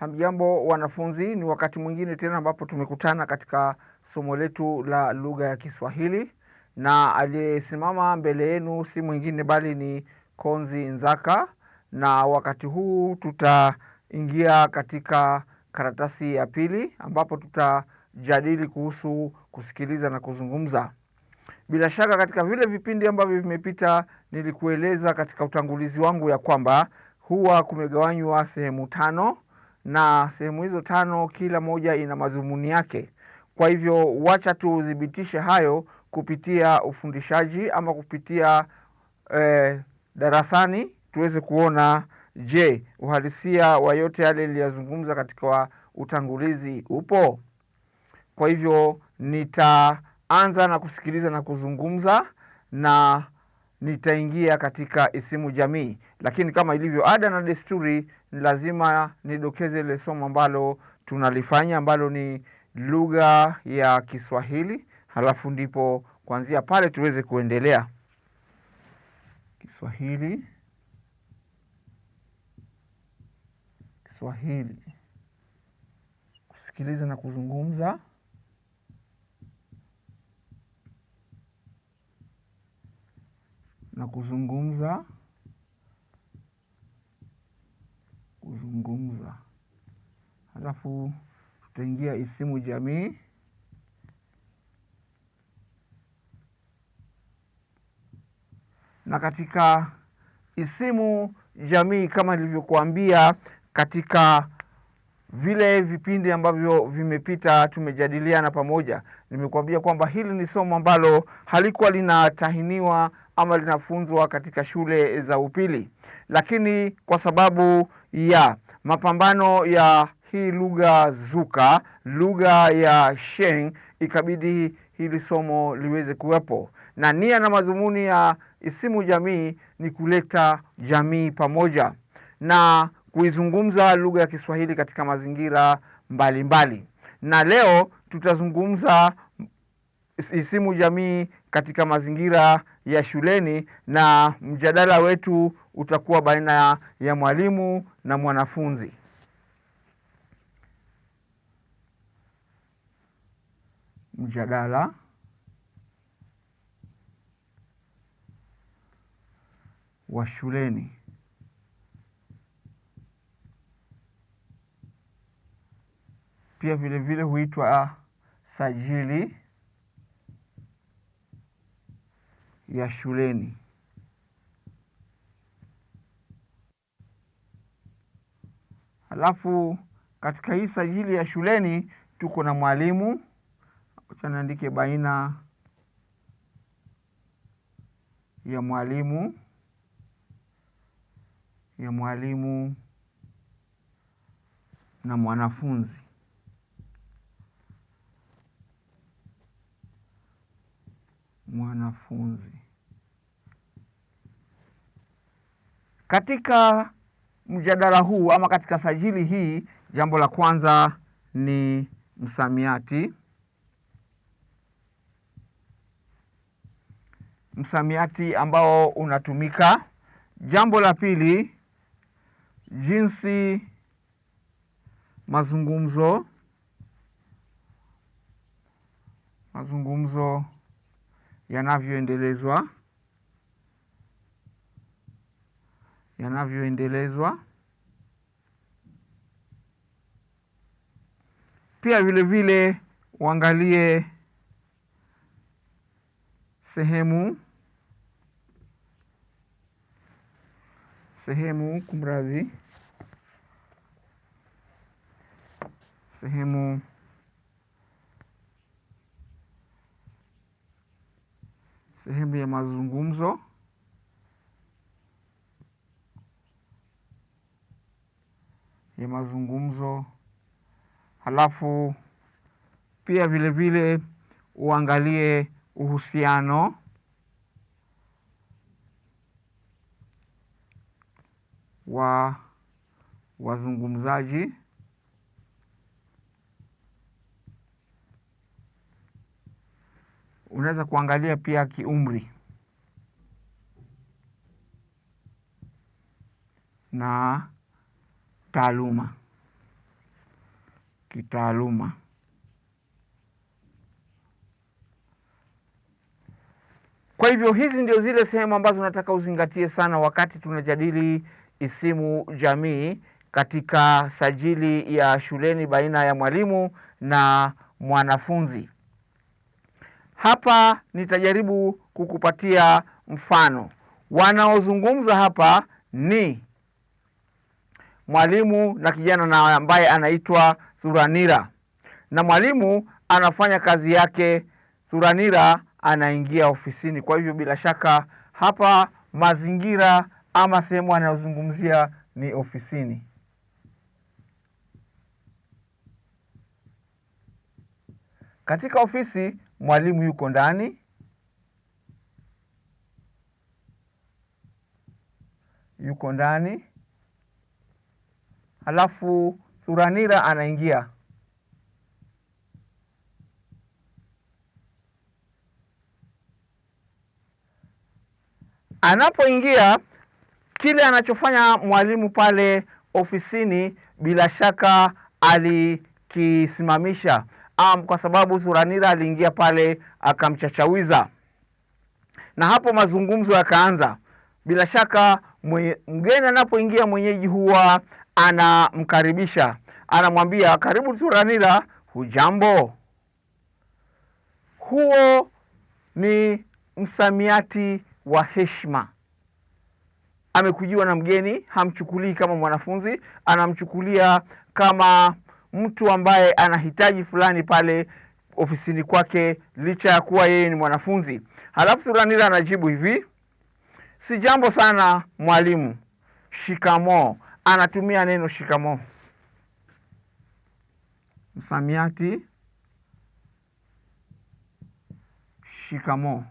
Hamjambo wanafunzi, ni wakati mwingine tena ambapo tumekutana katika somo letu la lugha ya Kiswahili, na aliyesimama mbele yenu si mwingine bali ni Konzi Nzaka, na wakati huu tutaingia katika karatasi ya pili ambapo tutajadili kuhusu kusikiliza na kuzungumza. Bila shaka katika vile vipindi ambavyo vimepita, nilikueleza katika utangulizi wangu ya kwamba huwa kumegawanywa sehemu tano, na sehemu hizo tano kila moja ina madhumuni yake. Kwa hivyo wacha tu tuthibitishe hayo kupitia ufundishaji ama kupitia eh, darasani tuweze kuona, je, uhalisia wa yote yale niliyozungumza katika utangulizi upo? Kwa hivyo nita anza na kusikiliza na kuzungumza na nitaingia katika isimu jamii, lakini kama ilivyo ada na desturi, lazima nidokeze ile somo ambalo tunalifanya ambalo ni lugha ya Kiswahili, halafu ndipo kuanzia pale tuweze kuendelea. Kiswahili, Kiswahili, kusikiliza na kuzungumza na kuzungumza kuzungumza. Halafu tutaingia isimu jamii na katika isimu jamii kama nilivyokuambia katika vile vipindi ambavyo vimepita tumejadiliana pamoja, nimekuambia kwamba hili ni somo ambalo halikuwa linatahiniwa ama linafunzwa katika shule za upili, lakini kwa sababu ya mapambano ya hii lugha zuka, lugha ya Sheng, ikabidi hili somo liweze kuwepo, na nia na madhumuni ya isimu jamii ni kuleta jamii pamoja na kuizungumza lugha ya Kiswahili katika mazingira mbalimbali mbali. Na leo tutazungumza isimu jamii katika mazingira ya shuleni na mjadala wetu utakuwa baina ya mwalimu na mwanafunzi. Mjadala wa shuleni. pia vile vile huitwa ah, sajili ya shuleni. Halafu katika hii sajili ya shuleni tuko na mwalimu, acha niandike baina ya mwalimu ya mwalimu na mwanafunzi. mwanafunzi. Katika mjadala huu ama katika sajili hii, jambo la kwanza ni msamiati. Msamiati ambao unatumika. Jambo la pili, jinsi mazungumzo mazungumzo yanavyoendelezwa yanavyoendelezwa pia vile vile uangalie sehemu sehemu kumradhi, sehemu sehemu ya mazungumzo ya mazungumzo. Halafu pia vile vile uangalie uhusiano wa wazungumzaji. unaweza kuangalia pia kiumri na taaluma, kitaaluma. Kwa hivyo hizi ndio zile sehemu ambazo nataka uzingatie sana wakati tunajadili isimu jamii katika sajili ya shuleni baina ya mwalimu na mwanafunzi. Hapa nitajaribu kukupatia mfano. Wanaozungumza hapa ni mwalimu na kijana na ambaye anaitwa Thuranira, na mwalimu anafanya kazi yake, Thuranira anaingia ofisini. Kwa hivyo bila shaka hapa mazingira ama sehemu anayozungumzia ni ofisini. Katika ofisi mwalimu yuko ndani, yuko ndani, halafu Thuranira anaingia Anapoingia, kile anachofanya mwalimu pale ofisini, bila shaka alikisimamisha um, kwa sababu Zuranira aliingia pale akamchachawiza, na hapo mazungumzo yakaanza. Bila shaka mwenye, mgeni anapoingia mwenyeji huwa anamkaribisha, anamwambia karibu Suranira, hujambo. Huo ni msamiati wa heshima. Amekujiwa na mgeni, hamchukulii kama mwanafunzi, anamchukulia kama mtu ambaye anahitaji fulani pale ofisini kwake, licha ya kuwa yeye ni mwanafunzi. Halafu Thuranira anajibu hivi, si jambo sana mwalimu, shikamoo. Anatumia neno shikamoo, msamiati shikamoo.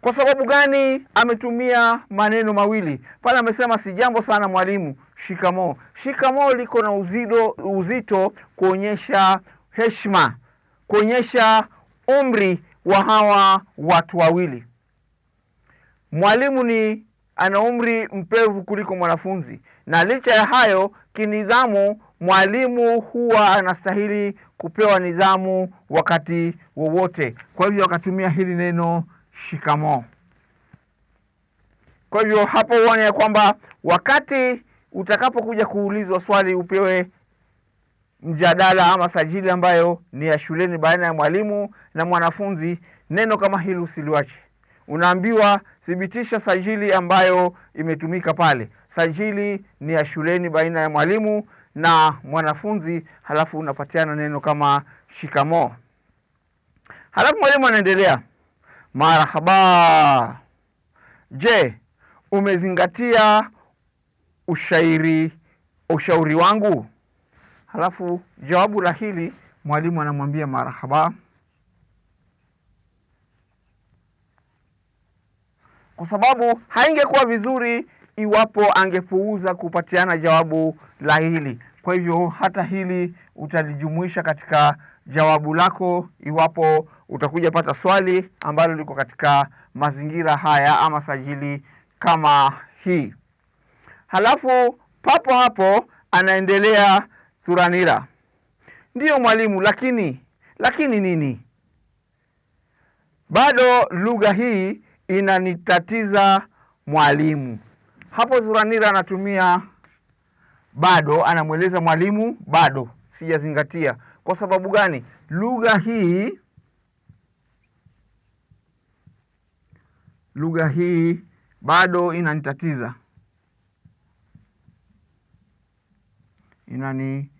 Kwa sababu gani ametumia maneno mawili pale? Amesema si jambo sana mwalimu, shikamo shikamo liko na uzito, uzito kuonyesha heshima, kuonyesha umri wa hawa watu wawili. Mwalimu ni ana umri mpevu kuliko mwanafunzi, na licha ya hayo, kinidhamu, mwalimu huwa anastahili kupewa nidhamu wakati wowote. Kwa hivyo akatumia hili neno shikamo. Kwa hivyo hapo uone ya kwamba wakati utakapokuja kuulizwa swali upewe mjadala ama sajili ambayo ni ya shuleni baina ya mwalimu na mwanafunzi, neno kama hili usiliwache. Unaambiwa thibitisha sajili ambayo imetumika pale. Sajili ni ya shuleni baina ya mwalimu na mwanafunzi, halafu unapatiana neno kama shikamoo. Halafu mwalimu anaendelea Marhaba. Je, umezingatia ushairi ushauri wangu? Halafu jawabu la hili mwalimu anamwambia marhaba, kwa sababu haingekuwa vizuri iwapo angepuuza kupatiana jawabu la hili. Kwa hivyo hata hili utalijumuisha katika jawabu lako iwapo utakuja pata swali ambalo liko katika mazingira haya ama sajili kama hii. Halafu papo hapo anaendelea Thuranira, ndiyo mwalimu, lakini lakini nini? Bado lugha hii inanitatiza mwalimu. Hapo Thuranira anatumia bado, anamweleza mwalimu, bado sijazingatia kwa sababu gani? Lugha hii lugha hii bado inanitatiza, inanitatiza.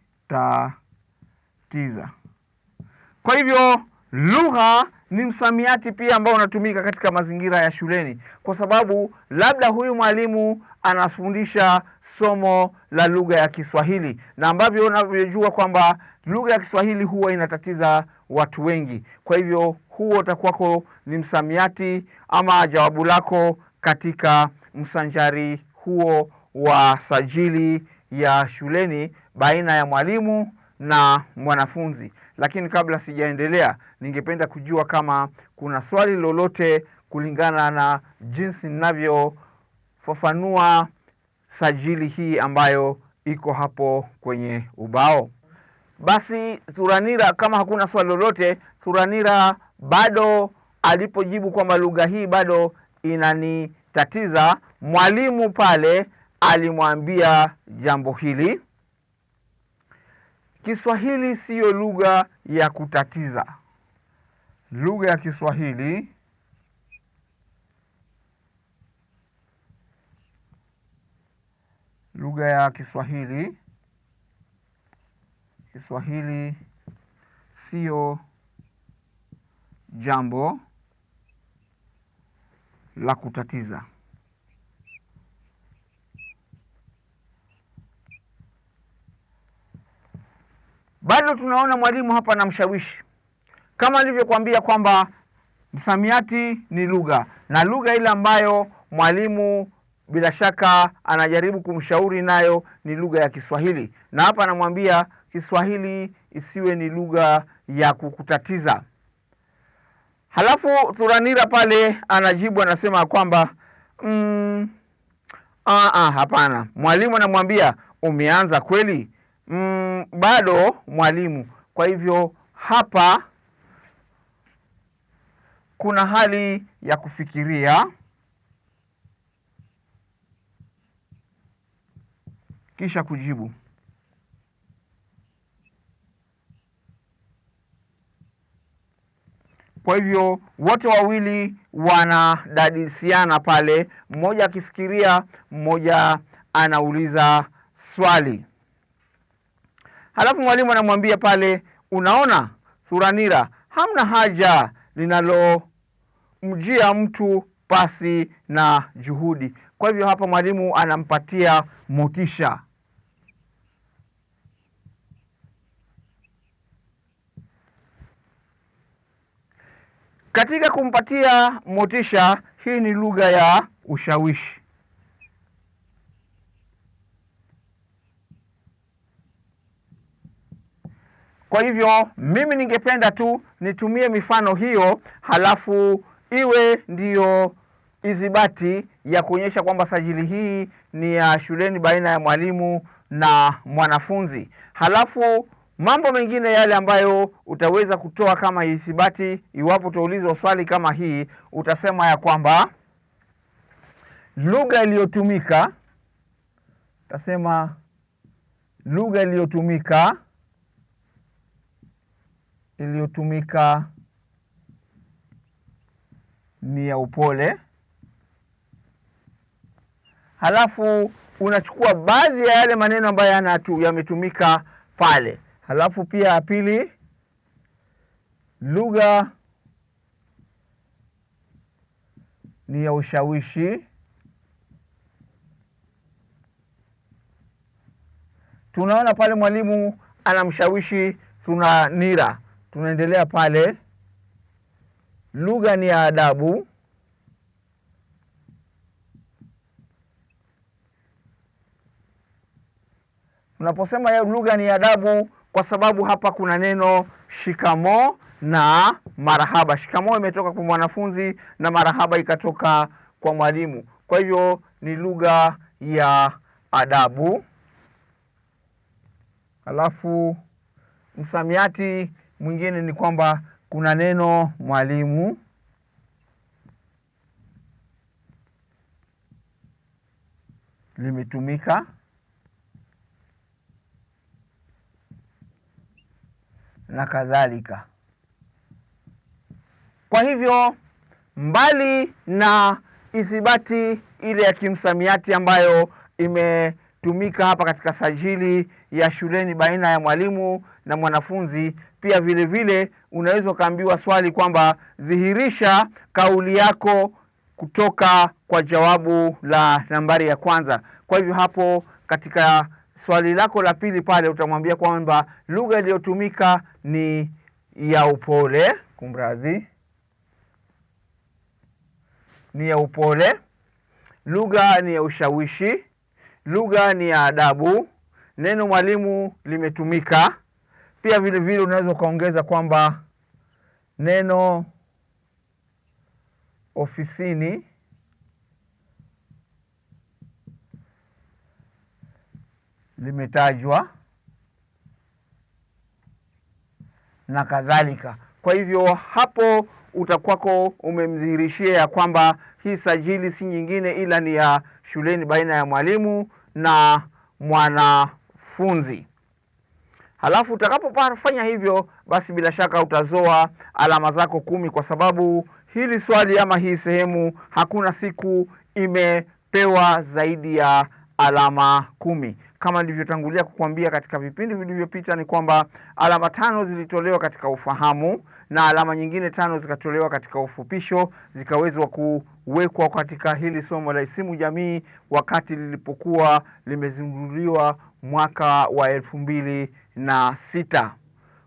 Kwa hivyo Lugha ni msamiati pia ambao unatumika katika mazingira ya shuleni, kwa sababu labda huyu mwalimu anafundisha somo la lugha ya Kiswahili, na ambavyo unavyojua kwamba lugha ya Kiswahili huwa inatatiza watu wengi. Kwa hivyo huo utakuwako ni msamiati ama jawabu lako katika msanjari huo wa sajili ya shuleni baina ya mwalimu na mwanafunzi. Lakini kabla sijaendelea, ningependa kujua kama kuna swali lolote kulingana na jinsi ninavyofafanua sajili hii ambayo iko hapo kwenye ubao. Basi suranira kama hakuna swali lolote, suranira bado alipojibu kwamba lugha hii bado inanitatiza, mwalimu pale alimwambia jambo hili Kiswahili siyo lugha ya kutatiza. Lugha ya Kiswahili lugha ya Kiswahili Kiswahili siyo jambo la kutatiza. Bado tunaona mwalimu hapa anamshawishi, kama alivyokuambia kwamba msamiati ni lugha, na lugha ile ambayo mwalimu bila shaka anajaribu kumshauri nayo ni lugha ya Kiswahili, na hapa anamwambia Kiswahili isiwe ni lugha ya kukutatiza. Halafu Thuranira pale anajibu anasema kwamba mm, a ah, a, ah, hapana. Mwalimu anamwambia umeanza kweli, mm, bado mwalimu. Kwa hivyo hapa kuna hali ya kufikiria kisha kujibu. Kwa hivyo wote wawili wanadadisiana pale, mmoja akifikiria, mmoja anauliza swali alafu mwalimu anamwambia pale, unaona suranira hamna haja linalomjia mtu pasi na juhudi. Kwa hivyo hapa mwalimu anampatia motisha. Katika kumpatia motisha, hii ni lugha ya ushawishi. Kwa hivyo mimi ningependa tu nitumie mifano hiyo, halafu iwe ndiyo izibati ya kuonyesha kwamba sajili hii ni ya shuleni baina ya mwalimu na mwanafunzi. Halafu mambo mengine yale ambayo utaweza kutoa kama ithibati, iwapo utaulizwa swali kama hii, utasema ya kwamba lugha iliyotumika, utasema lugha iliyotumika iliyotumika ni ya upole. Halafu unachukua baadhi ya yale maneno ambayo yametumika pale. Halafu pia ya pili, lugha ni ya ushawishi. Tunaona pale mwalimu anamshawishi nira tunaendelea pale. Lugha ni ya adabu. Unaposema lugha ni adabu, kwa sababu hapa kuna neno shikamo na marahaba. Shikamo imetoka kwa mwanafunzi na marahaba ikatoka kwa mwalimu, kwa hivyo ni lugha ya adabu. Alafu msamiati mwingine ni kwamba kuna neno mwalimu limetumika na kadhalika. Kwa hivyo mbali na ithibati ile ya kimsamiati ambayo imetumika hapa katika sajili ya shuleni baina ya mwalimu na mwanafunzi. Pia vile vile unaweza ukaambiwa swali kwamba dhihirisha kauli yako kutoka kwa jawabu la nambari ya kwanza. Kwa hivyo hapo katika swali lako la pili pale utamwambia kwamba lugha iliyotumika ni ya upole, kumradhi, ni ya upole. Lugha ni ya ushawishi, lugha ni ya adabu. Neno mwalimu limetumika pia vilevile unaweza ukaongeza kwamba neno ofisini limetajwa na kadhalika. Kwa hivyo hapo utakwako umemdhihirishia ya kwamba hii sajili si nyingine ila ni ya shuleni baina ya mwalimu na mwanafunzi. Halafu utakapofanya hivyo, basi bila shaka utazoa alama zako kumi, kwa sababu hili swali ama hii sehemu hakuna siku imepewa zaidi ya alama kumi. Kama nilivyotangulia kukuambia katika vipindi vilivyopita, ni kwamba alama tano zilitolewa katika ufahamu na alama nyingine tano zikatolewa katika ufupisho, zikawezwa kuwekwa katika hili somo la isimu jamii wakati lilipokuwa limezinduliwa mwaka wa elfu mbili na sita.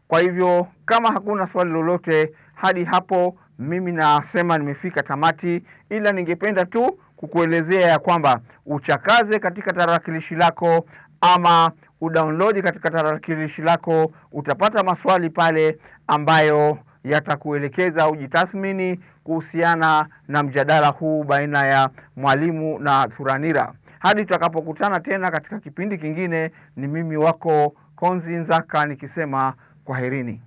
Kwa hivyo kama hakuna swali lolote hadi hapo, mimi nasema nimefika tamati, ila ningependa tu kukuelezea ya kwamba uchakaze katika tarakilishi lako ama udownload katika tarakilishi lako, utapata maswali pale ambayo yatakuelekeza ujitathmini kuhusiana na mjadala huu baina ya mwalimu na Thuranira. Hadi tutakapokutana tena katika kipindi kingine, ni mimi wako Konzi Nzaka nikisema kwaherini.